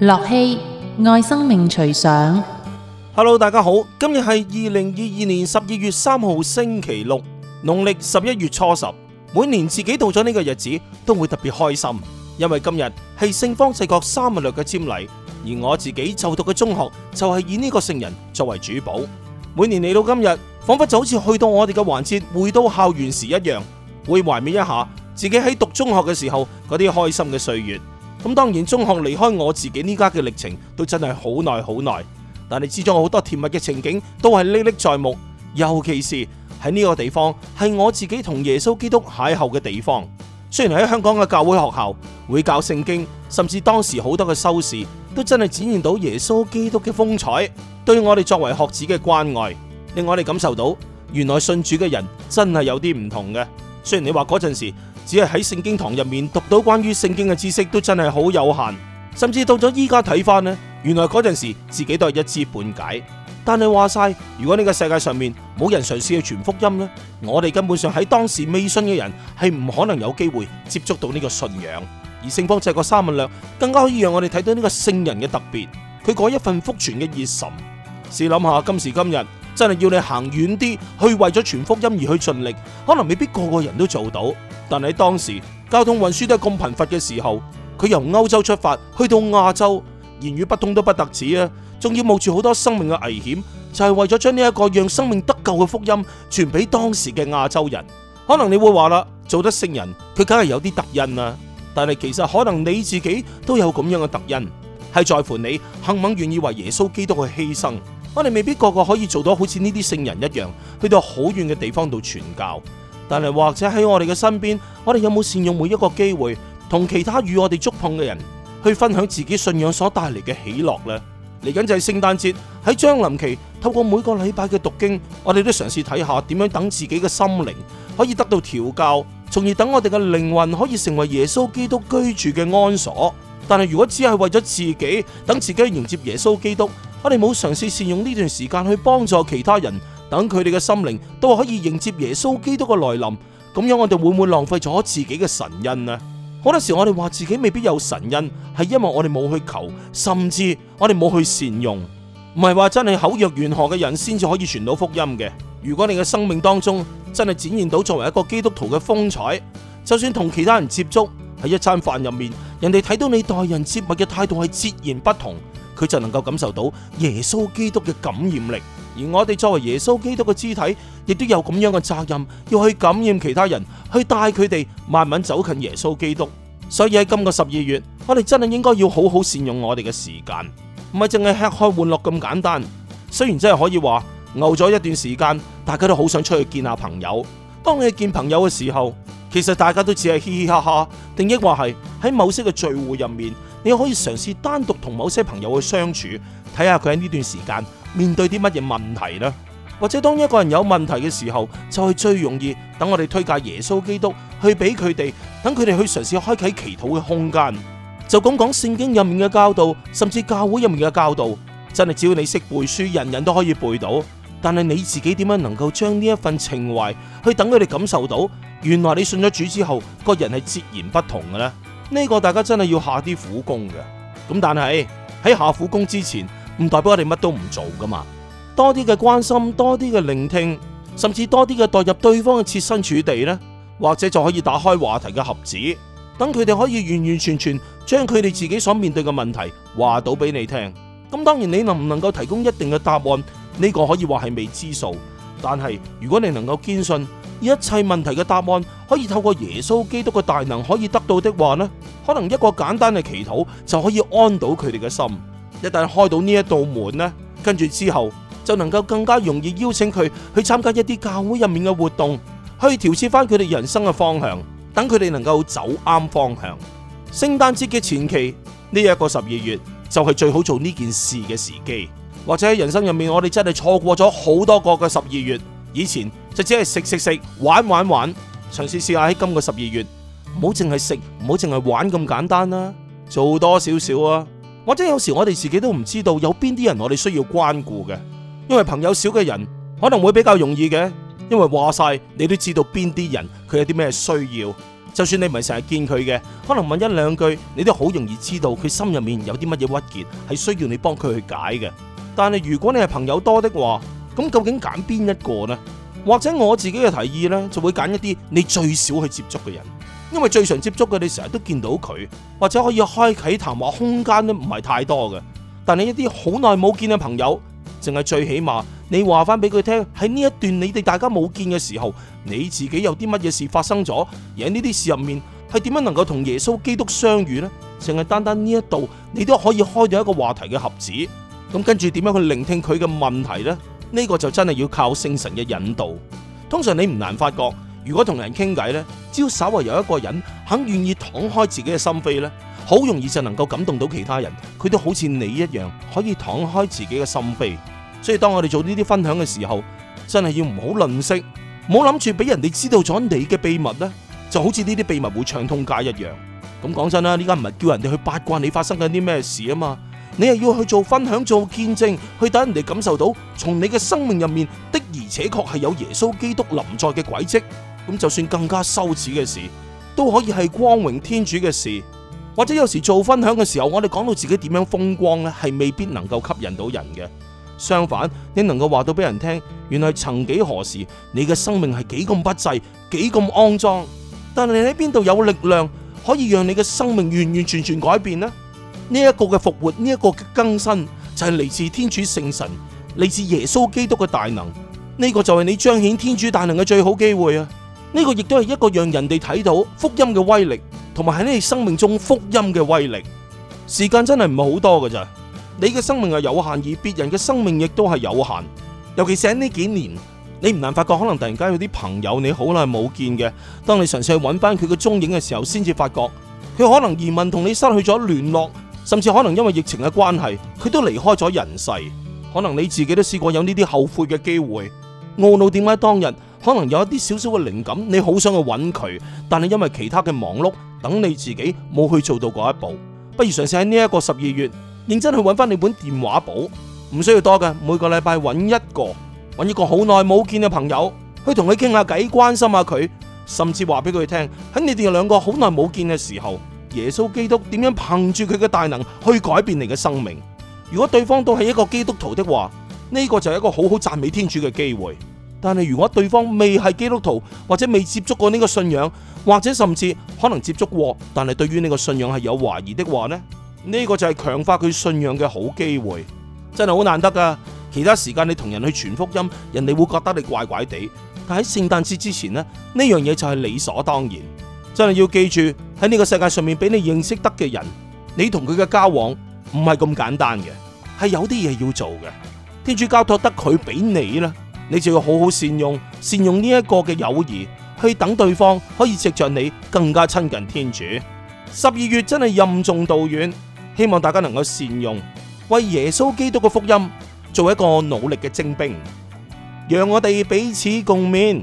樂熙愛生命隨想，Hello，大家好，今日係二零二二年十二月三號星期六，農曆十一月初十。每年自己到咗呢個日子，都會特別開心，因為今日係聖方濟各沙勿略嘅瞻禮，而我自己就讀嘅中學就係以呢個聖人作為主保。每年嚟到今日，仿佛就好似去到我哋嘅環節，回到校園時一樣，會懷緬一下自己喺讀中學嘅時候嗰啲開心嘅歲月。咁當然中學離開我自己呢家嘅歷程都真係好耐好耐，但係之中好多甜蜜嘅情景都係歷歷在目，尤其是喺呢個地方係我自己同耶穌基督邂逅嘅地方。雖然喺香港嘅教會學校會教聖經，甚至當時好多嘅修士都真係展現到耶穌基督嘅風采，對我哋作為學子嘅關愛，令我哋感受到原來信主嘅人真係有啲唔同嘅。雖然你話嗰陣時。只係喺聖經堂入面讀到關於聖經嘅知識，都真係好有限。甚至到咗依家睇翻咧，原來嗰陣時自己都係一知半解。但係話晒，如果呢個世界上面冇人嘗試去傳福音咧，我哋根本上喺當時未信嘅人係唔可能有機會接觸到呢個信仰。而聖方濟各三文略更加可以讓我哋睇到呢個聖人嘅特別，佢嗰一份福傳嘅熱忱。試諗下今時今日，真係要你行遠啲去為咗傳福音而去盡力，可能未必個個人都做到。但喺當時交通運輸都係咁頻繁嘅時候，佢由歐洲出發去到亞洲，言語不通都不特止啊，仲要冒住好多生命嘅危險，就係、是、為咗將呢一個讓生命得救嘅福音傳俾當時嘅亞洲人。可能你會話啦，做得聖人，佢梗係有啲特恩啦。但係其實可能你自己都有咁樣嘅特恩，係在乎你肯唔肯願意為耶穌基督去犧牲。我哋未必個個可以做到好似呢啲聖人一樣，去到好遠嘅地方度傳教。但係或者喺我哋嘅身邊，我哋有冇善用每一個機會，同其他與我哋觸碰嘅人，去分享自己信仰所帶嚟嘅喜樂呢？嚟緊就係聖誕節，喺將臨期，透過每個禮拜嘅讀經，我哋都嘗試睇下點樣等自己嘅心靈可以得到調教，從而等我哋嘅靈魂可以成為耶穌基督居住嘅安所。但係如果只係為咗自己，等自己迎接耶穌基督，我哋冇嘗試善用呢段時間去幫助其他人，等佢哋嘅心靈都可以迎接耶穌基督嘅來臨，咁樣我哋會唔會浪費咗自己嘅神恩呢？好多時我哋話自己未必有神恩，係因為我哋冇去求，甚至我哋冇去善用。唔係話真係口若懸河嘅人先至可以傳到福音嘅。如果你嘅生命當中真係展現到作為一個基督徒嘅風采，就算同其他人接觸，喺一餐飯入面，人哋睇到你待人接物嘅態度係截然不同，佢就能夠感受到耶穌基督嘅感染力。而我哋作為耶穌基督嘅肢體，亦都有咁樣嘅責任，要去感染其他人，去帶佢哋慢慢走近耶穌基督。所以喺今個十二月，我哋真係應該要好好善用我哋嘅時間，唔係淨係吃喝玩樂咁簡單。雖然真係可以話，熬咗一段時間，大家都好想出去見下朋友。當你見朋友嘅時候，其實大家都只係嘻嘻哈哈，定抑或係喺某些嘅聚會入面，你可以嘗試單獨同某些朋友去相處，睇下佢喺呢段時間，面對啲乜嘢問題呢？或者當一個人有問題嘅時候，就係最容易等我哋推介耶穌基督去俾佢哋，等佢哋去嘗試開啟祈禱嘅空間。就咁講，聖經入面嘅教導，甚至教會入面嘅教導，真係只要你識背書，人人都可以背到。但係你自己點樣能夠將呢一份情懷去等佢哋感受到？原來你信咗主之後，個人係截然不同嘅咧。呢、呢個大家真係要下啲苦功嘅。咁但係喺下苦功之前。唔代表我哋乜都唔做㗎嘛，多啲嘅關心，多啲嘅聆聽，甚至多啲嘅代入對方嘅切身處地咧，或者就可以打開話題嘅盒子，等佢哋可以完完全全將佢哋自己所面對嘅問題話到俾你聽。咁當然你能唔能夠提供一定嘅答案，呢個可以話係未知數，但係如果你能夠堅信一切問題嘅答案可以透過耶穌基督嘅大能可以得到的話呢，可能一個簡單嘅祈禱就可以安到佢哋嘅心。一旦開到呢一道門呢，跟住之後就能夠更加容易邀請佢去參加一啲教會入面嘅活動，可以調節返佢哋人生嘅方向，等佢哋能夠走啱方向。聖誕節嘅前期呢一個十二月就係最好做呢件事嘅時機，或者喺人生入面我哋真係錯過咗好多個嘅十二月，以前就只係食食食、玩玩玩，嘗試試下喺今個十二月，唔好淨係食，唔好淨係玩咁簡單啦，做多少少啊！或者有時我哋自己都唔知道有邊啲人我哋需要關顧嘅，因為朋友少嘅人可能會比較容易嘅，因為話晒你都知道邊啲人佢有啲咩需要，就算你唔係成日見佢嘅，可能問一兩句你都好容易知道佢心入面有啲乜嘢鬱結係需要你幫佢去解嘅。但係如果你係朋友多的話，咁究竟揀邊一個咧？或者我自己嘅提議咧，就會揀一啲你最少去接觸嘅人。因為最常接觸嘅你成日都見到佢，或者可以開啟談話空間都唔係太多嘅。但係一啲好耐冇見嘅朋友，淨係最起碼你話翻俾佢聽，喺呢一段你哋大家冇見嘅時候，你自己有啲乜嘢事發生咗？而喺呢啲事入面，係點樣能夠同耶穌基督相遇呢？淨係單單呢一度，你都可以開到一個話題嘅盒子。咁跟住點樣去聆聽佢嘅問題呢？呢、呢個就真係要靠聖神嘅引導。通常你唔難發覺。如果同人傾偈咧，只要稍為有一個人肯願意敞開自己嘅心扉咧，好容易就能夠感動到其他人。佢都好似你一樣，可以敞開自己嘅心扉。所以當我哋做呢啲分享嘅時候，真係要唔好吝嗇，唔好諗住俾人哋知道咗你嘅秘密咧，就好似呢啲秘密會唱通街一樣。咁講真啦，而家唔係叫人哋去八卦你發生緊啲咩事啊嘛，你係要去做分享、做見證，去等人哋感受到從你嘅生命入面的而且確係有耶穌基督臨在嘅軌跡。咁就算更加羞恥嘅事，都可以係光榮天主嘅事。或者有時做分享嘅時候，我哋講到自己點樣風光呢，係未必能夠吸引到人嘅。相反，你能夠話到俾人聽，原來曾幾何時，你嘅生命係幾咁不濟，幾咁骯髒。但係你喺邊度有力量可以讓你嘅生命完完全全改變呢？呢一個嘅復活，呢一個嘅更新，就係嚟自天主聖神，嚟自耶穌基督嘅大能。呢個就係你彰顯天主大能嘅最好機會啊！呢個亦都係一個讓人哋睇到福音嘅威力，同埋喺你生命中福音嘅威力。時間真係唔係好多㗎咋，你嘅生命係有限，而別人嘅生命亦都係有限。尤其喺呢幾年，你唔難發覺，可能突然間有啲朋友你好耐冇見嘅，當你嘗試去揾翻佢嘅蹤影嘅時候，先至發覺佢可能移民同你失去咗聯絡，甚至可能因為疫情嘅關係，佢都離開咗人世。可能你自己都試過有呢啲後悔嘅機會，懊惱點解當日。可能有一啲少少嘅靈感，你好想去揾佢，但係因為其他嘅忙碌，等你自己冇去做到嗰一步。不如嘗試喺呢一個十二月，認真去揾翻你本電話簿，唔需要多嘅，每個禮拜揾一個，揾一個好耐冇見嘅朋友，去同佢傾下偈，關心下佢，甚至話俾佢聽，喺你哋兩個好耐冇見嘅時候，耶穌基督點樣憑住佢嘅大能去改變你嘅生命。如果對方都係一個基督徒的話，呢個就係一個好好讚美天主嘅機會。但係如果對方未係基督徒，或者未接觸過呢個信仰，或者甚至可能接觸過，但係對於呢個信仰係有懷疑的話呢，呢個就係強化佢信仰嘅好機會，真係好難得噶。其他時間你同人去傳福音，人哋會覺得你怪怪地。但喺聖誕節之前呢，呢樣嘢就係理所當然。真係要記住喺呢個世界上面俾你認識得嘅人，你同佢嘅交往唔係咁簡單嘅，係有啲嘢要做嘅。天主交託得佢俾你啦。你就要好好善用，善用呢一個嘅友誼去等對方可以藉着你更加親近天主。十二月真係任重道遠，希望大家能夠善用，為耶穌基督嘅福音做一個努力嘅精兵，讓我哋彼此共勉。